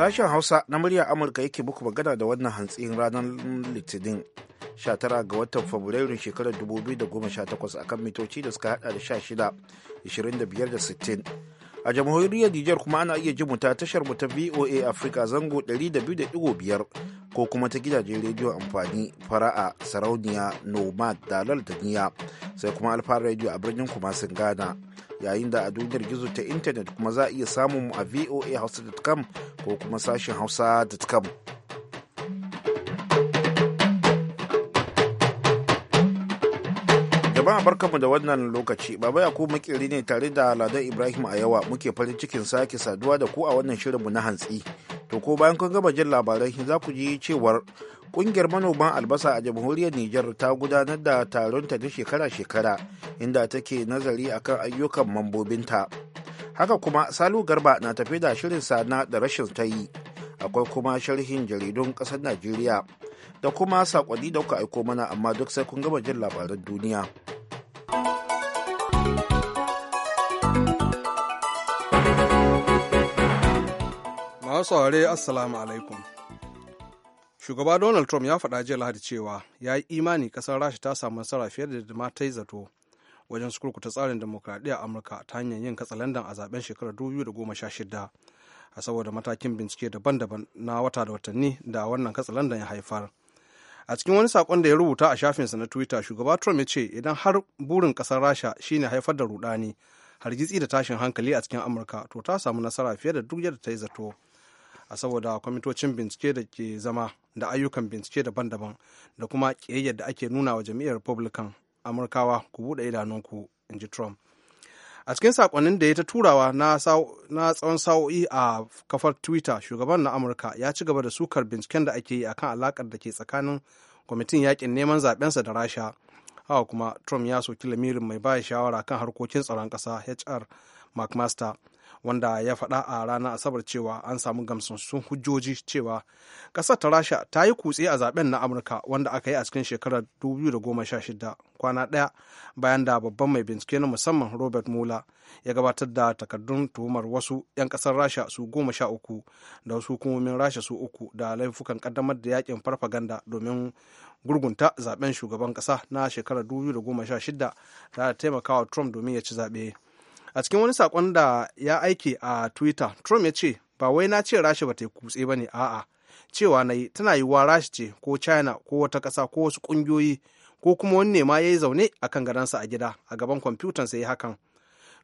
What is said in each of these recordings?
Sashen Hausa na murya Amurka yake muku magana da wannan hantsin ranar Litinin 19 ga watan Fabrairun shekarar 2018 akan mitoci da suka hada da 16, 25 da 60. A jamhuriyar Nijar kuma ana iya ji ta tashar mu ta VOA Africa zango 200.5 ko kuma ta gidajen rediyo amfani fara'a sarauniya nomad dalal da niya sai kuma alfa rediyo a birnin kuma sun gana. yayin da a duniyar gizo ta intanet kuma za a iya samun mu a voahausa.com ko kuma sashen hausa.com jama'a kanmu da wannan lokaci baba yakubu makeri ne tare da ladan ibrahim a yawa muke farin cikin sake saduwa da ku a wannan shirin mu na hantsi to ko bayan kun gama jin labarai za ku ji cewar Ƙungiyar manoman albasa a jamhuriyar Nijar ta gudanar da taronta na shekara-shekara inda take nazari akan ayyukan mambobinta. Haka kuma Salu Garba na tafi da shirin sana da rashin ta yi, akwai kuma sharhin jaridun ƙasar Najeriya da kuma saƙonni da kuka aiko mana amma duk sai kun gama jin labaran duniya. Masu saurare Assalamu alaikum. shugaba donald trump ya faɗa jiya lahadi cewa ya yi imani ƙasar rasha ta samu nasara fiye da da mata yi zato wajen sukurkuta tsarin a amurka ta hanyar yin katsalandan a zaben shekarar 2016 a saboda matakin bincike daban-daban na wata da watanni da wannan katsalandan ya haifar a cikin wani saƙon da ya rubuta a shafinsa na twitter shugaba trump ya ce idan har burin ƙasar rasha shine haifar da rudani hargitsi da tashin hankali a cikin amurka to ta samu nasara fiye da duk yadda ta yi zato a saboda kwamitocin bincike da ke zama da ayyukan bincike daban-daban da kuma ƙiyayyar da ake nuna wa jam'iyyar republican amurkawa ku buɗe idanunku in ji trump a cikin sakonnin da ya ta turawa na tsawon sa'o'i a kafar twitter shugaban na amurka ya ci gaba da sukar binciken da ake yi akan alakar da ke tsakanin kwamitin yakin neman zaɓensa da rasha haka kuma trump ya soki lamirin mai baya shawara kan harkokin tsaron ƙasa hr mcmaster wanda ya faɗa a ranar asabar cewa an samu gamsassun hujjoji cewa ƙasar ta rasha ta yi kutse a zaben na amurka wanda aka yi a cikin shekarar 2016 kwana ɗaya bayan da babban mai bincike na musamman robert mula ya gabatar da takardun tuhumar wasu 'yan ƙasar rasha su goma sha uku da wasu hukumomin rasha su uku da laifukan ƙaddamar da yakin farfaganda domin gurgunta zaben shugaban ƙasa na shekarar 2016 da taimakawa trump domin ya ci zaɓe. a cikin wani sakon da ya aike a twitter trump ya ce ba wai na ce rasha ba ta kutse ba ne a'a cewa na yi tana yiwuwa rasha ce ko china ko wata ƙasa ko wasu ƙungiyoyi ko kuma wani ne ma ya yi zaune a kan gadansa a gida a gaban kwamfutan sai hakan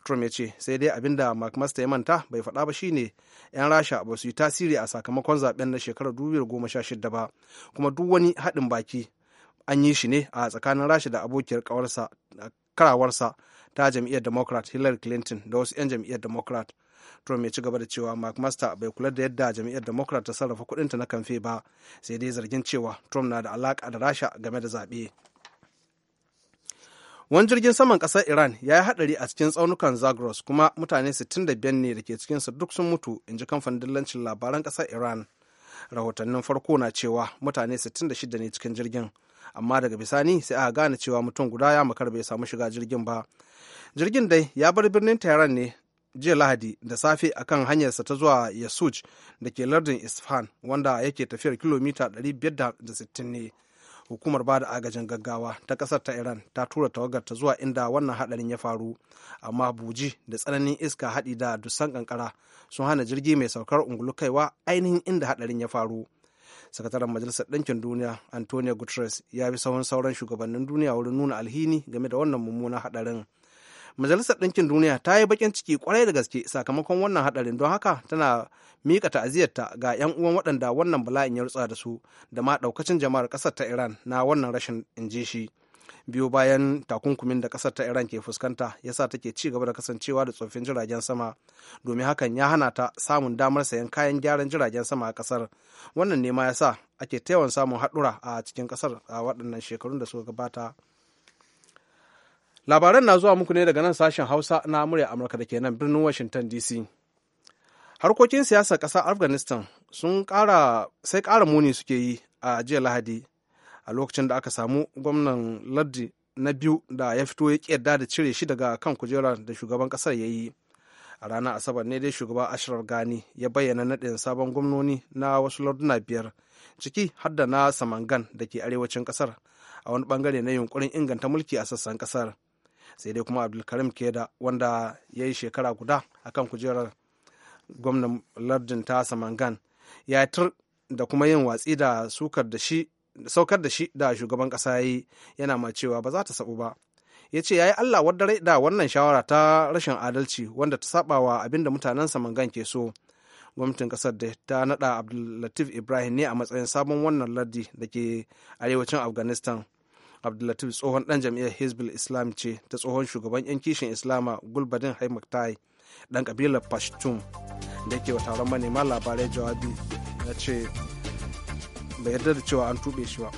trump ya ce sai dai abin da master ya manta bai faɗa ba shine 'yan rasha ba su yi tasiri a sakamakon zaben na shekarar goma sha 2016 ba kuma duk wani haɗin baki an yi shi ne a tsakanin rasha da abokiyar karawarsa ta jam'iyyar democrat hillary clinton da wasu 'yan jam'iyyar democrat trump ya ci gaba da cewa mark master bai kula da yadda jam'iyyar democrat ta sarrafa kudinta na kamfe ba sai dai zargin cewa trump na da alaka da rasha game da zaɓe wani jirgin saman kasar iran ya yi haɗari a cikin tsaunukan zagros kuma mutane 65 ne da ke cikinsa duk sun mutu in ji kamfanin dillancin labaran kasar iran rahotannin farko na cewa mutane 66 ne cikin jirgin amma daga bisani sai aka gane cewa mutum guda ya makar bai samu shiga jirgin ba jirgin dai ya bar birnin tehran ne jiya lahadi da safe akan hanyarsa ta zuwa yasuj da ke lardin isfahan wanda yake tafiyar kilomita 560 ne hukumar ba da agajin gaggawa ta kasar ta iran ta tura tawagar ta zuwa inda wannan hadarin ya faru amma buji da tsananin iska haɗi da dusan kankara sun hana jirgi mai saukar ungulu kaiwa ainihin inda hadarin ya faru sakataren majalisar ɗinkin duniya antonio guterres ya bi sahun sauran shugabannin duniya wurin nuna alhini game da wannan mummunan haɗarin majalisar ɗinkin duniya ta yi baƙin ciki kwarai da gaske sakamakon wannan haɗarin don haka tana miƙa ta'aziyarta ga 'yan uwan waɗanda wannan bala'in ya rutsa da su da ma ɗaukacin jama'ar ƙasar ta iran na wannan rashin in shi biyu bayan takunkumin da kasar ta iran ke fuskanta ya sa take ci gaba da kasancewa da tsoffin jiragen sama domin hakan ya hana ta samun damar sayan kayan gyaran jiragen sama a kasar wannan nema ma sa ake ta yawan samun haɗura a cikin kasar a waɗannan shekarun da suka gabata labaran na zuwa muku ne daga nan sashen hausa na murya amurka da ke nan birnin washington dc harkokin siyasar ƙasar afghanistan sun ƙara sai ƙara muni suke yi a jiya lahadi a lokacin da aka samu gwamnan lardi na biyu da ya fito ya yarda da cire shi daga kan kujerar da shugaban kasar ya yi a ranar asabar ne dai shugaba ashraf gani ya bayyana naɗin sabon gwamnoni na wasu larduna biyar ciki har da na samangan da ke arewacin kasar a wani bangare na yunkurin inganta mulki a sassan kasar sai dai kuma abdulkarim keda wanda ya yi shekara guda a kan kujerar gwamnan lardin ta samangan ya da kuma yin watsi da sukar da shi saukar da shi da shugaban ƙasa ya yi yana ma cewa ba za ta sabu ba ya ce ya yi allah wadda da wannan shawara ta rashin adalci wanda ta saba wa abin da mutanen samangan ke so gwamnatin ƙasar da ta naɗa abdullatif ibrahim ne a matsayin sabon wannan lardi da ke arewacin afghanistan abdullatif tsohon ɗan jam'iyyar hezbollah islam ce ta tsohon shugaban 'yan kishin islama gulbadin haimaktai ɗan ƙabilar pashtun da ke wa taron manema labarai jawabi na ce bai yarda da cewa an tuɓe shi ba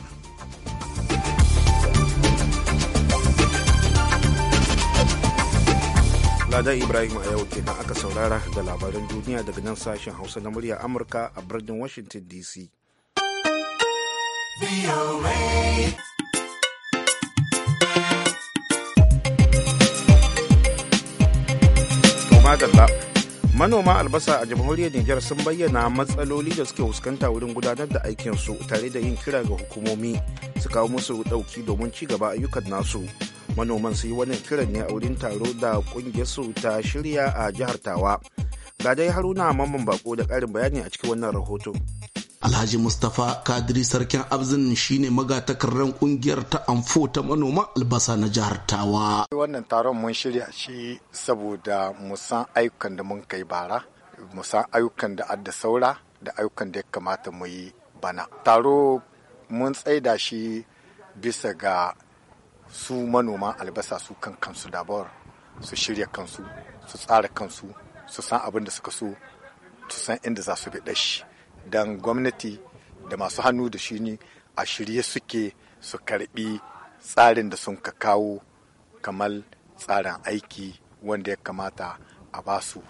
Ladan Ibrahim a yau kenan aka saurara da labaran duniya daga nan sashen Hausa na murya Amurka a birnin Washington DC. Madalla. manoma albasa a jamhuriyar niger sun bayyana matsaloli da suke fuskanta wurin gudanar da aikinsu tare da yin kira ga hukumomi su kawo musu dauki domin ci gaba ayyukan nasu manoman su yi wannan kiran ne a wurin taro da ƙungiyarsu ta shirya a jihar tawa ga dai haruna mamman bako da karin bayani a cikin wannan rahoto Alhaji Mustapha Kadiri Sarkin Abzin shine magatakarren kungiyar ta amfo ta manoma albasa na jihar Tawa. Wannan taron mun shirya shi saboda mu ayyukan da mun kai bara, mu ayyukan da adda saura da ayyukan da ya kamata mu yi bana. Taro mun tsaida shi bisa ga su manoma albasa su kan kansu dabar su shirya kansu su tsara kansu su san abin da suka so su san inda za su bi dashi. don gwamnati da masu hannu da shi ne a shirye suke su karbi tsarin da sun ka kawo kamar tsarin aiki wanda ya kamata a basu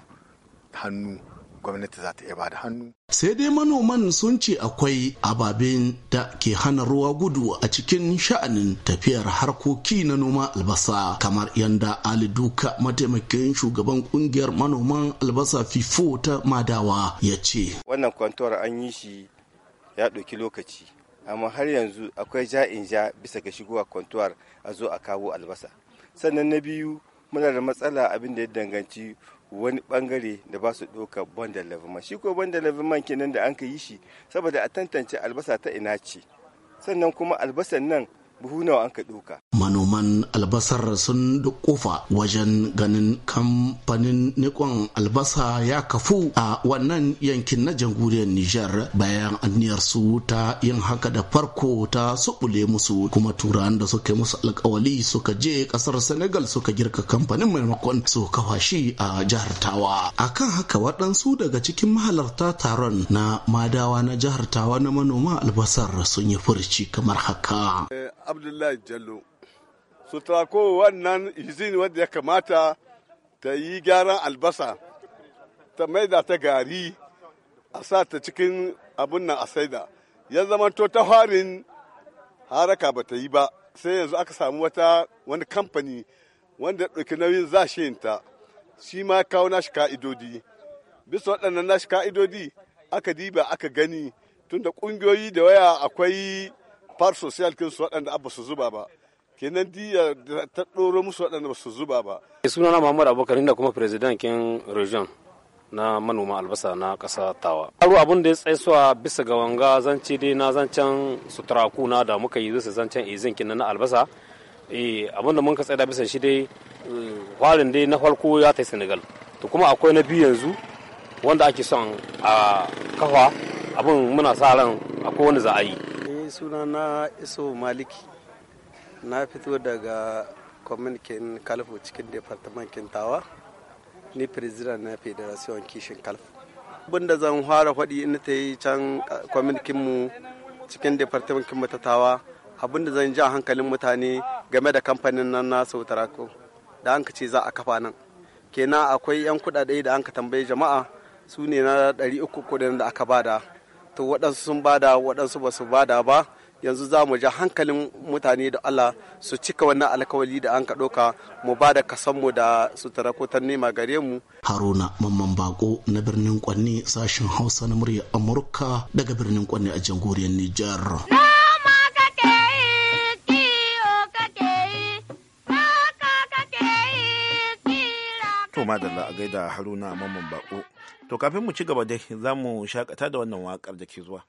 hannu gwamnati za ta iya bada hannu. Sai dai manoman sun ce akwai ababen da ke hana ruwa gudu a cikin sha'anin tafiyar harkoki na noma albasa kamar yanda Ali Duka mataimakin shugaban kungiyar manoman albasa FIFO ta Madawa ya ce. Wannan kwantuwar an yi shi ya ɗauki lokaci amma har yanzu akwai ja'in ja bisa ga shigowa kwantuwar a zo a kawo albasa. Sannan na biyu muna da matsala abin da ya danganci wani bangare da ba su ɗauka bandar laviman shi ko bandar laviman kenan da an ka yi shi saboda a tantance albasa ta ina ce sannan kuma albasan nan buhu nawa an ka ɗauka manoman albasar sun kofa wajen ganin kamfanin nikon albasa ya kafu a wannan yankin na jamhuriyar Nijar bayan anniyar su ta yin haka da farko ta subule musu kuma turan da suka musu alkawali suka je kasar Senegal suka girka kamfanin maimakon su kafa shi a jihar Tawa akan haka waɗansu daga cikin mahalarta taron na madawa na jihar Tawa na manoma albasar sun yi furci kamar haka eh, Abdullahi Jallo su trako wannan izini wadda ya kamata ta yi gyaran albasa ta maida ta gari a sa ta cikin abin nan a saida ya zamanto ta harin haraka ba ta yi ba sai yanzu aka samu wata wani kamfani wanda ya ɗauki nauyin za shi ma kawo nashi ka'idodi bisa waɗannan nashi ka'idodi aka diba aka gani tunda ƙungiyoyi da waya akwai far social kinsu waɗanda abba su zuba ba kenan diya ta ɗoro musu waɗanda ba su zuba ba. Eh, suna na Muhammad Abubakar inda kuma president kin region na manoma albasa na ƙasa tawa. Aro abin da ya tsaisuwa bisa ga wanga zance dai na zancen sutura kuna da muka yi zuwa zancen izin na albasa. Eh, abun abin da mun ka tsaida bisa shi dai kwarin eh, dai na farko ya ta Senegal. To kuma akwai na biyu yanzu wanda ake son a kafa abin muna sa ran akwai wani za a yi. suna na Iso Maliki. na fito daga kwamunikin kalfu cikin departamentin tawa ni president na federation kishin kalfu abinda zan fara faɗi in ta yi can mu cikin departamentin matatawa Abin abinda zan ja hankalin mutane game da kamfanin nan na sautarako da an ce za a kafa nan kenan akwai 'yan kuɗaɗe da an ka tambaye jama'a su ne na 300 kudin da aka bada to waɗansu sun bada waɗansu ba su bada ba yanzu za mu ja hankalin mutane da Allah su cika wannan alkawali da an ka ɗauka mu ba da kasanmu da su tarakotar nema gare mu. Haruna Mamman Bako na birnin Kwanne sashen Hausa na murya Amurka daga birnin Kwanne a jamhuriyar Nijar. To madalla a gaida Haruna Mamman Bako. To kafin mu ci gaba dai za mu shakata da wannan wakar da ke zuwa.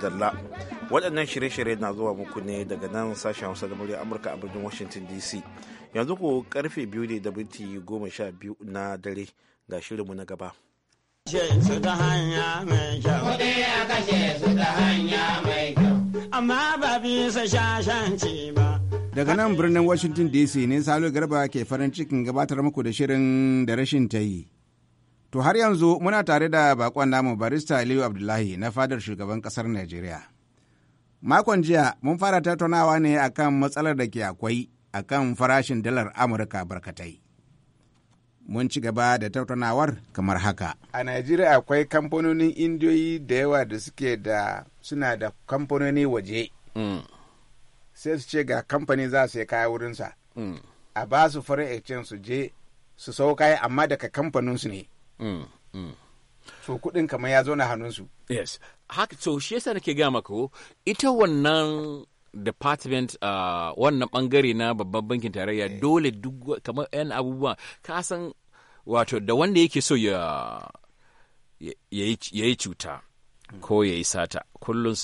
Dalla. Waɗannan shirye-shirye na zuwa muku ne daga nan sashen Hausa da murya Amurka a birnin Washington DC. Yanzu ku karfe biyu ne da minti goma sha biyu na dare ga shirinmu na gaba. su ta hanya mai kyau. Kuɗi a kashe su ta hanya mai kyau. Amma ba bisa shashanci ba. Daga nan birnin Washington DC ne Salo Garba ke farin cikin gabatar muku da shirin da rashin ta yi. To har yanzu muna tare da bakon namu barista Aliyu Abdullahi na fadar shugaban kasar Najeriya. Makon jiya mun fara tattaunawa ne akan matsalar da ke akwai akan farashin dalar Amurka barkatai. Mun ci gaba da tattaunawar kamar haka. A Najeriya akwai kamfanonin indiyoyi da yawa da suke da suna da kamfanoni waje. Mm. Sai su ce ga kamfani za su kaya wurinsa. Mm. A ba su farin su je su sau amma daga kamfaninsu ne. so kudin kamar ya zo na hannunsu yes haka so shi yasa nake gaya maka oh, ita wannan department uh, wannan bangare na babban bankin tarayya yeah. dole duk kamar 'yan abubuwa ka san wato da wanda yake so ya ya yi cuta ko ya yi sata kullum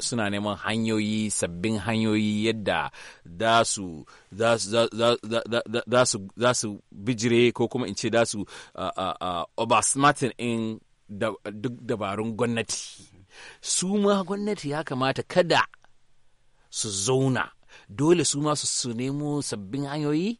suna neman hanyoyi sabbin hanyoyi yadda za su bijire ko kuma in ce za su obasmatin in duk dabarun gwamnati su ma gwamnati ya kamata kada su zauna dole su ma su nemo sabbin hanyoyi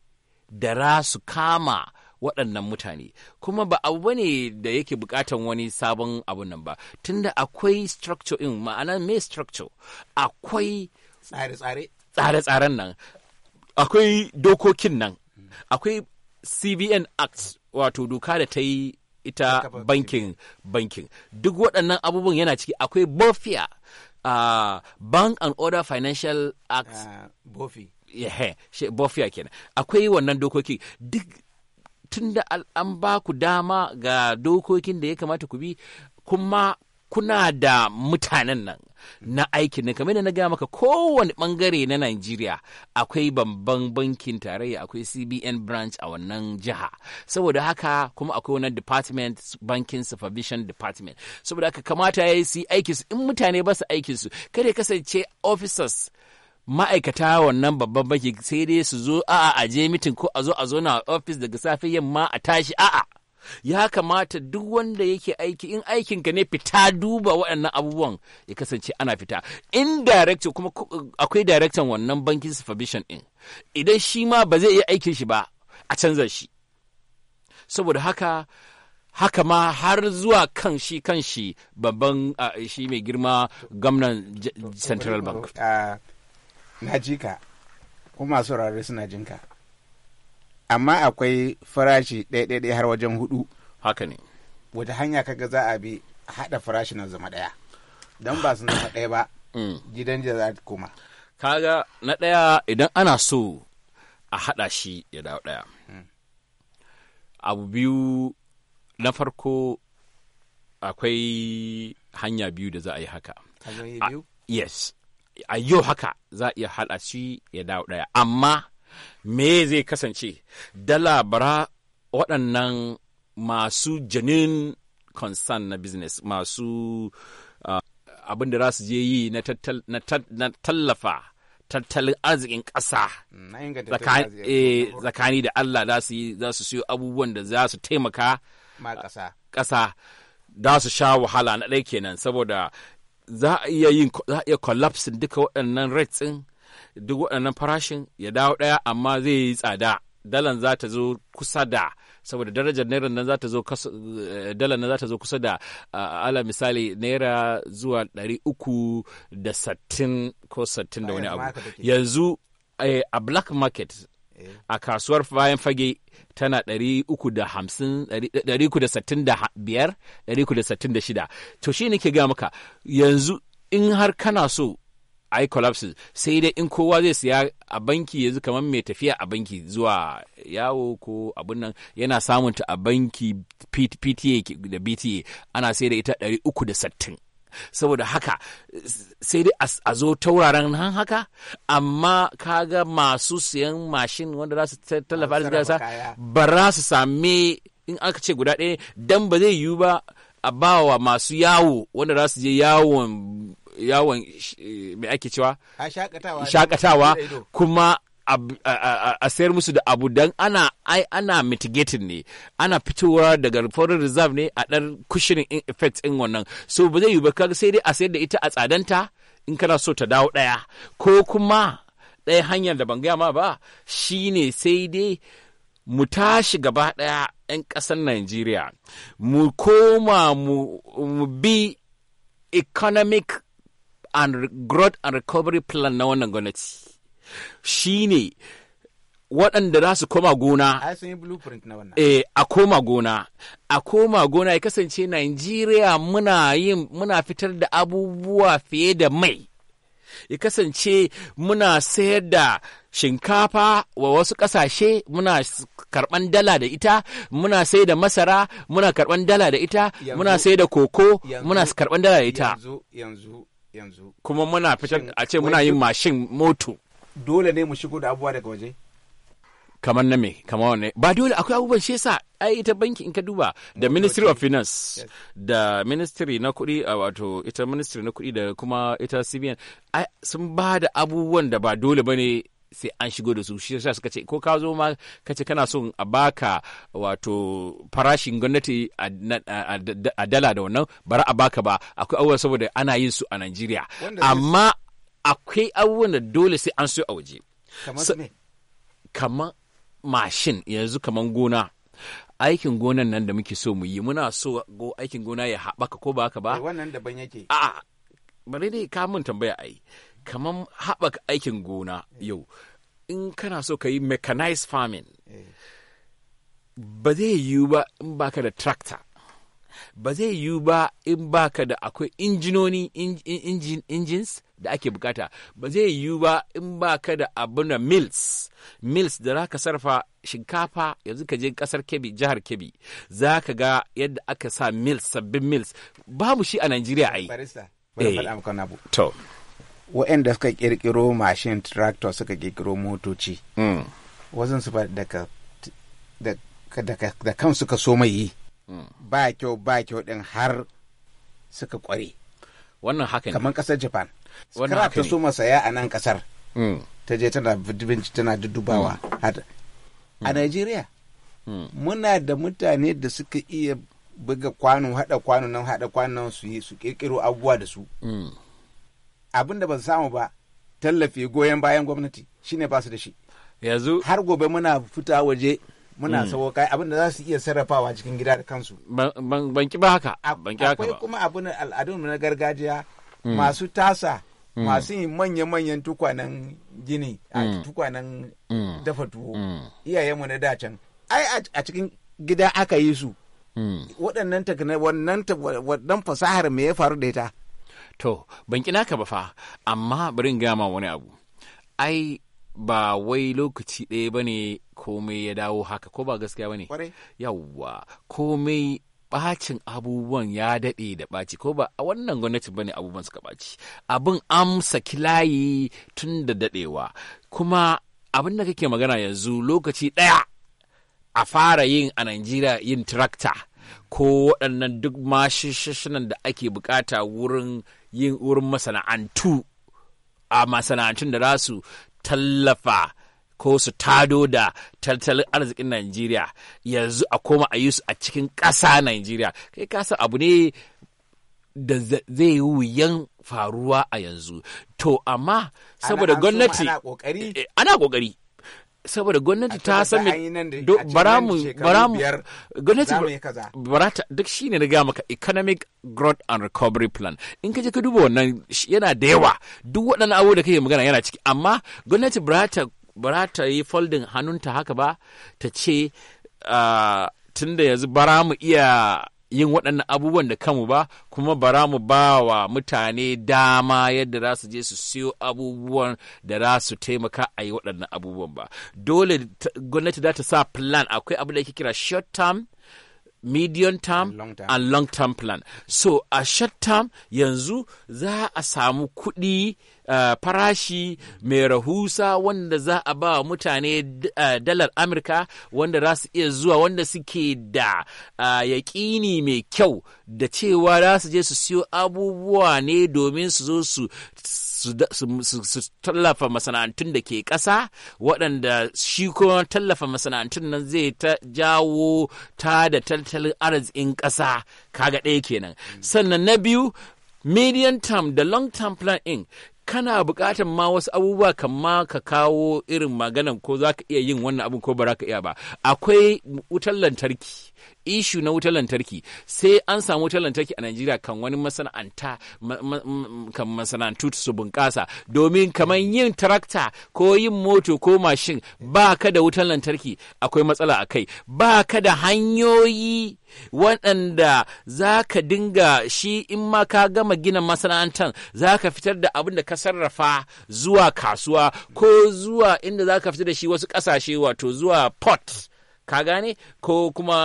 da ra su kama waɗannan mutane kuma ba abu ne da yake buƙatan wani sabon abun nan ba tunda akwai structure in ma'ana me structure akwai tsare-tsare tsare-tsaren nan akwai dokokin nan akwai cbn act wato doka da ta yi ita bankin bankin duk waɗannan abubuwan yana ciki akwai bofia uh, bank and other financial acts uh, yeah, bofia kenan akwai wannan dokoki duk tunda an ba ku dama ga dokokin da ya kamata ku bi kuma kuna da mutanen nan na aikin nan kamar da na gaya maka kowane bangare na Najeriya akwai babban bankin tarayya akwai CBN branch a wannan jiha saboda haka kuma akwai wannan department banking supervision department saboda haka kamata ya yi su aikin su in mutane ba su aikin su kada kasance officers ma'aikata wannan babban banki sai dai su zo a'a a je mitin ko a zo a zo na ofis daga safe yamma a tashi a'a ya kamata duk wanda yake aiki in aikinka ne fita duba waɗannan abubuwan ya kasance ana fita in director kuma akwai director wannan bankin supervision din idan shi ma ba zai iya aikin shi ba a canza shi saboda haka haka ma har zuwa kan shi kan shi babban shi mai girma gwamnan central bank uh, na ji ka kuma rarri suna jin ka amma akwai farashi ɗaya har wajen hudu haka ne wata hanya kaga za a bi haɗa farashi na zama ɗaya don ba su zama ɗaya ba mm. gidan da za koma kaga na ɗaya idan ana so a haɗa shi ya dawo ɗaya mm. abu biyu na farko akwai hanya biyu da za a yi haka yes a yau haka za a iya haɗa shi ya dawo ɗaya amma me zai kasance dala bara waɗannan masu janin concern na business masu uh, abin da za su je yi na tallafa tattalin arzikin ƙasa eh, tsakani da Allah za su za su siyo abubuwan da za su taimaka ƙasa za su sha wahala na ɗaya kenan saboda za a iya yin za a iya collapsing duka waɗannan rates ɗin duk waɗannan farashin ya dawo ɗaya amma zai yi tsada dalan za ta zo kusa da saboda darajar naira nan za ta zo eh, dala nan za ta zo kusa da ala misali naira zuwa ɗari uku da sattin ko sattin da wani abu yanzu eh, a black market a kasuwar bayan fage tana 365 to shi ne ke ga maka yanzu in har kana so yi collapses sai dai in kowa zai siya a banki yanzu kamar mai tafiya a banki zuwa yawo ko abun nan yana samunta a banki pta da bta ana sai da ita 360 saboda haka sai dai a zo ta wuraren nan haka amma kaga masu siyan mashin wanda za su tallafa da ba za su same in aka ce guda ɗaya dan ba zai yiwu ba a bawa masu yawo wanda za su je yawon yawon eh, mai ake cewa shakatawa kuma a sayar musu da abu don ana ai ana mitigating ne ana fitowa daga foreign reserve ne a ɗan cushioning in effect in wannan so ba zai yi ba kaga sai dai a sayar da ita a tsadanta in kana so ta dawo ɗaya ko kuma ɗaya hanyar da ban gaya ma ba shine sai dai mu tashi gaba ɗaya 'yan ƙasar Najeriya mu koma mu bi economic and growth and recovery plan na wannan gwamnati. Shi ne waɗanda za su koma gona eh, a koma gona a koma gona ya kasance Najeriya muna yin muna fitar da abubuwa fiye da mai ya kasance muna sayar da shinkafa wa wasu ƙasashe muna karɓan dala da ita muna sai da masara muna karɓan dala da ita muna sai da koko muna karɓan dala da ita yanzu yanzu kuma muna fitar a ce muna yin mashin moto dole ne mu shigo da abubuwa daga waje kamar na me kamar wane ba dole akwai abubuwan shi yasa ai ita banki in ka duba da ministry of finance da ministry na kuɗi wato ita ministry na kuɗi da kuma ita cbn sun ba da abubuwan da ba dole bane sai an shigo da su shi yasa suka ce ko ka zo ma ka ce kana son a baka wato farashin gwamnati a dala da wannan bara a baka ba akwai abubuwa saboda ana yin su a Najeriya amma akwai abubuwan da dole sai an so a waje kamar mashin yanzu kamar gona aikin gonan nan da muke so mu yi muna so go aikin gona ya haɓaka ko ba haka ba eh, wannan daban yake a bari dai ka mun tambaya ai kamar haɓaka aikin gona eh. yau in kana so ka yi mechanized farming eh. ba zai yiwu ba in baka da tractor ba zai yiwu ba in baka da akwai injinoni engines da ake bukata ba zai yiwu ba in ba ka da abuna na mills mills da za ka sarrafa shinkafa yanzu ka je kasar kebi jihar kebi za ka ga yadda aka sa mills sabbin mills babu shi a najeriya ai eh. to waɗanda suka kirkiro mashin tractor suka kirkiro motoci mm. wasan su ba da kan suka so mai yi mm. ba kyau ba kyau din har suka kware wannan hakan kamar kasar japan scrap ta so masaya a nan kasar mm. ta je tana bincike tana dudubawa mm. mm. a Najeriya muna da mutane da suka iya buga kwano hada kwano nan hada kwano nan su yi su kirkiro abubuwa da su abin da ba su samu ba tallafi goyon bayan gwamnati shine ba su da shi yanzu har gobe muna fita waje muna mm. sawo kai abin da za su iya sarrafawa cikin gida da kansu ban ki ba haka ban ki haka ba akwai kuma abin al'adun na gargajiya Mm. masu tasa mm. masu yin manya-manyan tukwanen gini a mm. tukwanen dafa tuwo iyayenmu na da ai a cikin gida aka yi su waɗannan wannan fasahar me ya faru da ita to ban kina ka ba fa amma bari in gama wani abu ai ba wai lokaci ɗaya ba ne komai ya dawo haka ko ba gaskiya ba ne yawwa komai bacin abubuwan ya daɗe da ɓaci ko ba a wannan gwamnatin bane abubuwan suka ɓaci abin amsa kilayi tun da daɗewa kuma abin da kake magana yanzu lokaci ɗaya a fara yin a Najeriya yin tirakta ko waɗannan duk mashishashinan da ake bukata wurin yin wurin masana'antu a masana'antun da za su tallafa ko su tado da tattalin arzikin Najeriya yanzu a koma a yi su a cikin ƙasa Najeriya kai kasa abu ne da zai yi wuyan faruwa a yanzu to amma eh, saboda gwamnati ana kokari saboda gwamnati ta san baramu baramu gwamnati barata duk shine na gaya maka economic growth and recovery plan in ka je ka duba wannan yana da yawa duk waɗannan abubuwa da kake magana yana ciki amma gwamnati barata ba ta yi folding hannunta haka ba ta ce ah, tun da yanzu bara mu iya yin waɗannan abubuwan da kanmu ba kuma bara mu ba wa mutane dama yadda za su je su siyo abubuwan da za su taimaka a yi waɗannan abubuwan ba dole gwamnati za ta sa plan akwai abu da yake kira short term medium term and long term plan so a short term yanzu za a samu kuɗi uh, farashi mai rahusa wanda za a ba wa mutane uh, dalar amurka wanda za su iya zuwa wanda suke da uh, yaƙini mai kyau da cewa za su je su siyo abubuwa ne domin su zo su su tallafa masana'antun da ke ƙasa waɗanda shi kuma tallafa masana'antun nan zai ta jawo ta da tattalin arzikin ƙasa kaga ɗaya kenan mm. sannan na biyu medium term da long term plan in kana buƙatar ma wasu abubuwa kamma ka kawo irin maganan ko za ka iya yin wannan abin ko ba za ka iya ba akwai wutar lantarki ishu na wutar lantarki sai an samu wutar lantarki a Najeriya kan wani masana'anta mm, kan masana'antu su bunƙasa domin kamar yin tarakta ko yin moto ko mashin ba ka da wutar lantarki akwai matsala a kai ba ka da hanyoyi waɗanda za ka dinga shi in ma ka gama gina masana'antar za ka fitar da abin da ka sarrafa zuwa kasuwa ko zuwa inda za ka fitar da shi wasu ƙasashe wato zuwa port ka gane ko kuma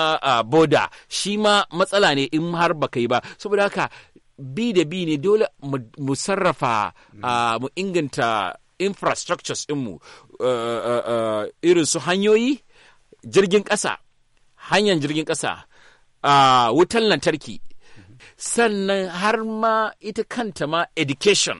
boda shi ma matsala ne in har ba kai ba saboda haka bi da bi ne dole mu sarrafa mu inganta infrastructures mu irin su hanyoyi jirgin ƙasa hanyar jirgin ƙasa wutan lantarki sannan har ma ita kanta ma education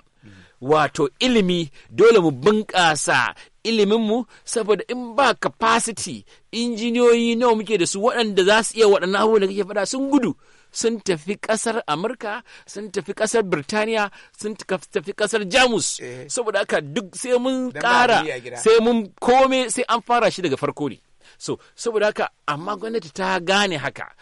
wato ilimi dole mu bunƙasa iliminmu saboda in ba capacity injiniyoyi nawa muke da su waɗanda za su iya waɗannan abubuwan da kake faɗa sun gudu sun tafi ƙasar amurka sun tafi ƙasar birtaniya sun tafi ƙasar jamus eh. saboda haka duk sai mun ƙara sai mun kome sai an fara shi daga farko ne so saboda haka amma gwamnati ta gane haka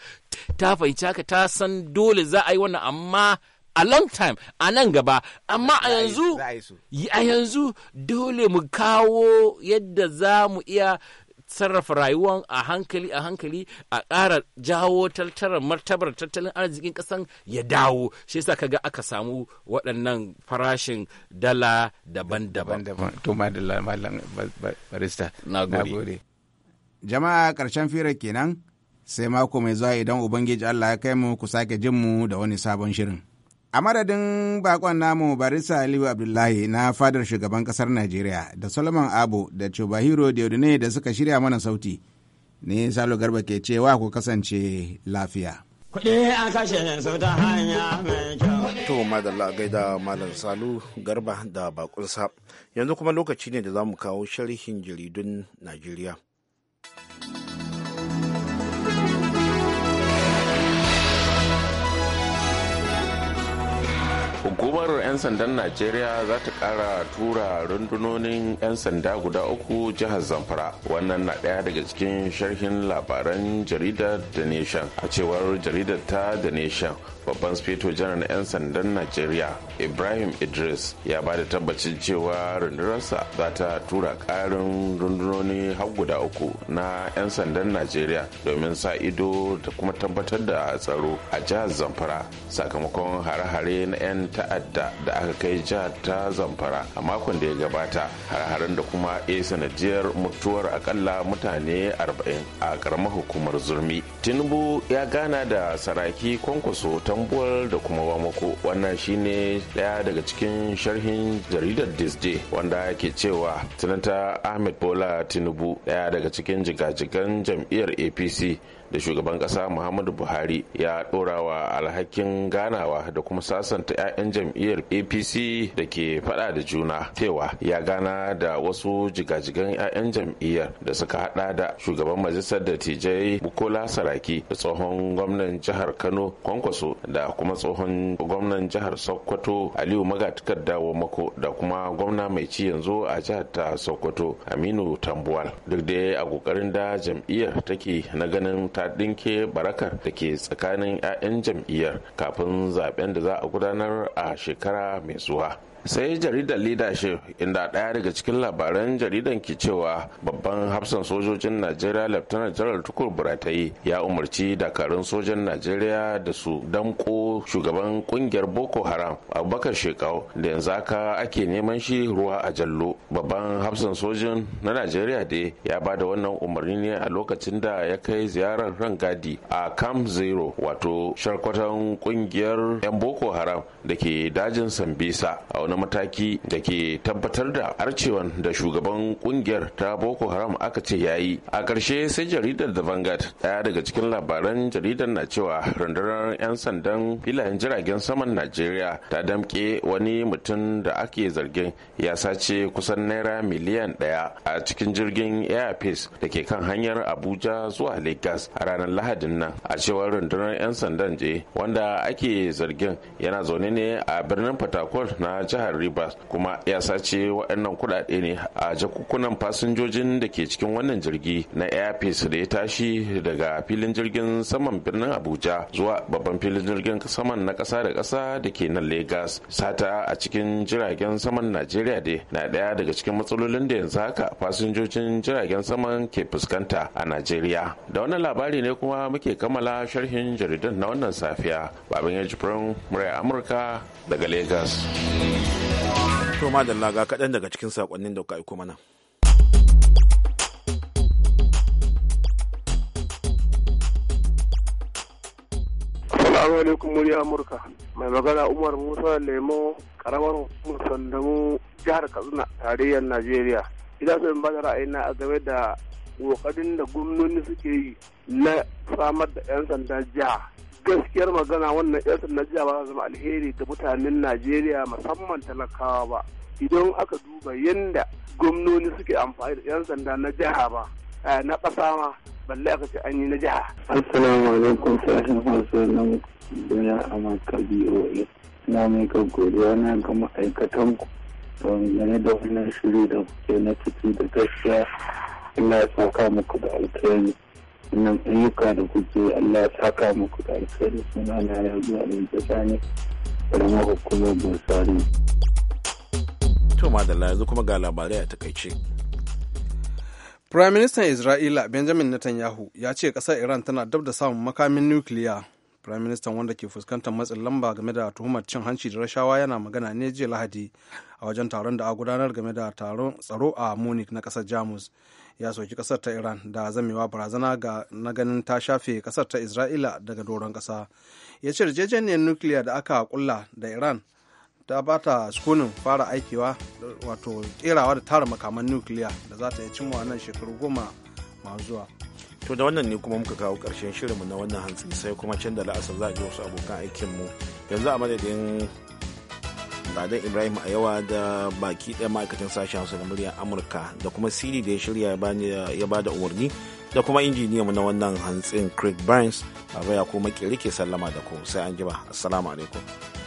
ta fahimci haka ta san dole za a yi wannan amma a long time a nan gaba amma a yanzu a yanzu dole mu kawo yadda za mu iya sarrafa rayuwan a hankali a hankali a ƙara jawo tattalin martabar tattalin arzikin ƙasan ya dawo shi yasa kaga aka samu waɗannan farashin dala daban-daban to malam barista jama'a ƙarshen firar kenan sai mako mai zuwa idan ubangiji Allah ya kai mu ku sake jin mu da wani sabon shirin A madadin bakon namu Barisa Aliyu Abdullahi na fadar shugaban kasar Najeriya da Solomon Abu da Chubahiro Diodune da suka shirya mana sauti. Ni Salo Garba ke cewa ku kasance lafiya. Kuɗi a kashe su ta hanya mai kyau. To madalla gaida Malam Salu Garba da bakunsa. Yanzu kuma lokaci ne da za mu kawo sharhin jaridun Najeriya. hukumar 'yan sandan najeriya za ta kara tura rundunonin 'yan sanda guda uku jihar zamfara wannan na ɗaya daga cikin sharhin labaran jaridar the nation a cewar jaridar ta the nation babban speto janar 'yan sandan najeriya ibrahim idris ya ba da tabbacin cewa rundunarsa za ta tura ƙarin rundunoni har guda uku na 'yan sandan najeriya domin sa ido da kuma tabbatar da tsaro a jihar zamfara sakamakon hare-hare na 'yan ta'adda da aka kai jihar ta zamfara a makon da ya gabata har-haren da kuma a sanadiyar mutuwar akalla mutane 40 a karamar hukumar zurmi tinubu ya gana da saraki kwankwaso tambuwal da kuma wamako wannan shine daya daga cikin sharhin jaridar disney wanda ke cewa sanata ahmed bola tinubu daya daga cikin jiga-jigan jam'iyyar apc da shugaban kasa muhammadu buhari ya ɗorawa alhakin ganawa da kuma sasanta 'ya'yan jam'iyyar apc da ke fada da juna cewa ya gana da wasu jigajigan 'ya'yan jam'iyyar da suka hada da shugaban majalisar da dattijai bukola saraki da tsohon gwamnan jihar kano kwankwaso da kuma tsohon gwamnan jihar sokoto aliyu dawo mako da kuma gwamna mai ci yanzu a jihar ta sokoto aminu tambuwal duk dai a kokarin da jam'iyyar take na ganin ta a ɗinke barakar da ke tsakanin 'ya'yan jam'iyyar kafin zaɓen da za a gudanar a shekara mai zuwa sai jaridar leadership inda ɗaya daga cikin labaran jaridan ke cewa babban hafsan sojojin najeriya lieutenant general tukur buratai ya umarci dakarun sojan najeriya da su damko shugaban kungiyar boko haram abubakar shekau da yanzu aka ake neman shi ruwa a jallo babban hafsan sojin na najeriya da ya ba da wannan umarni ne a lokacin da ya kai ziyarar rangadi a camp zero wato sharkwatan kungiyar 'yan boko haram da ke dajin sambisa a wani na mataki da ke tabbatar da arcewan da shugaban kungiyar ta boko haram aka ce ya yi a ƙarshe sai jaridar da Vangard ɗaya daga cikin labaran jaridar na cewa rundunar 'yan sandan filayen jiragen saman najeriya ta damƙe wani mutum da ake zargin ya sace kusan naira miliyan ɗaya a cikin jirgin airpeas da ke kan hanyar abuja zuwa lagos a ranar lahadin nan a cewar rundunar 'yan sandan je wanda ake zargin yana zaune ne a birnin fatakwal na jihar jihar rivers kuma ya sace waɗannan kuɗaɗe ne a jakukunan fasinjojin da ke cikin wannan jirgi na airpeace da ya tashi daga filin jirgin saman birnin abuja zuwa babban filin jirgin saman na kasa da kasa da ke nan lagos sata a cikin jiragen saman najeriya dai na ɗaya daga cikin matsalolin da yanzu haka fasinjojin jiragen saman ke fuskanta a najeriya da wannan labari ne kuma muke kammala sharhin jaridan na wannan safiya baban ya jifirin murai amurka daga lagos To madalla ga kaɗan daga cikin saƙonnin da kuka aiko mana. Assalamu alaikum murya Amurka. Mai magana Umar Musa Lemo, karamar sandamu jihar Katsina, tarayyar Najeriya. Ina so in ba da ra'ayina a game da kokarin da gwamnoni suke yi na samar da 'yan sanda jiha gaskiyar magana wannan yasin na jiya ba zama alheri ga mutanen najeriya musamman talakawa ba idan aka duba yadda gwamnoni suke amfani da 'yan sanda na jiha ba eh, na ƙasa ma balle aka ce an yi na jiha assalamu alaikum sashen hausa nan duniya a maka boa na mai godiya na ga ma'aikatan ku dangane da wannan shiri da kuke na ciki da gaskiya ina saka muku da alkhairi sunan ayyuka da kuke Allah ya saka muku da alkhairi suna na ya zuwa da ta ne ƙaramar hukumar Bursari. To madalla yanzu kuma ga labarai a takaice. Firaministan Isra'ila Benjamin Netanyahu ya ce ƙasar Iran tana dab da samun makamin nukiliya. Firaministan wanda ke fuskantar matsin lamba game da tuhumar cin hanci da rashawa yana magana ne jiya Lahadi a wajen taron da a gudanar game da taron tsaro a munich na kasar jamus ya soki kasar ta iran da zamewa barazana ga na ganin ta shafe kasar ta isra'ila daga doron kasa ya ce yarjejeniyar nukiliya da aka kulla da iran ta ba ta sukunin fara aikewa wato kerawa da tara makaman nukiliya da za ta yi cimma wannan shekaru goma masu zuwa to da wannan ne kuma muka kawo karshen shirinmu na wannan hantsi sai kuma can da la'asar za a ji wasu abokan aikinmu yanzu a madadin Ladan Ibrahim a yawa da baki ɗaya ma'aikatan sashen Hausa da muryar Amurka da kuma Siri da ya shirya ya ba da umarni da kuma injiniyanmu na wannan hantsin Craig Burns, baba ya kuma ke sallama da ku sai an jima. Assalamu alaikum.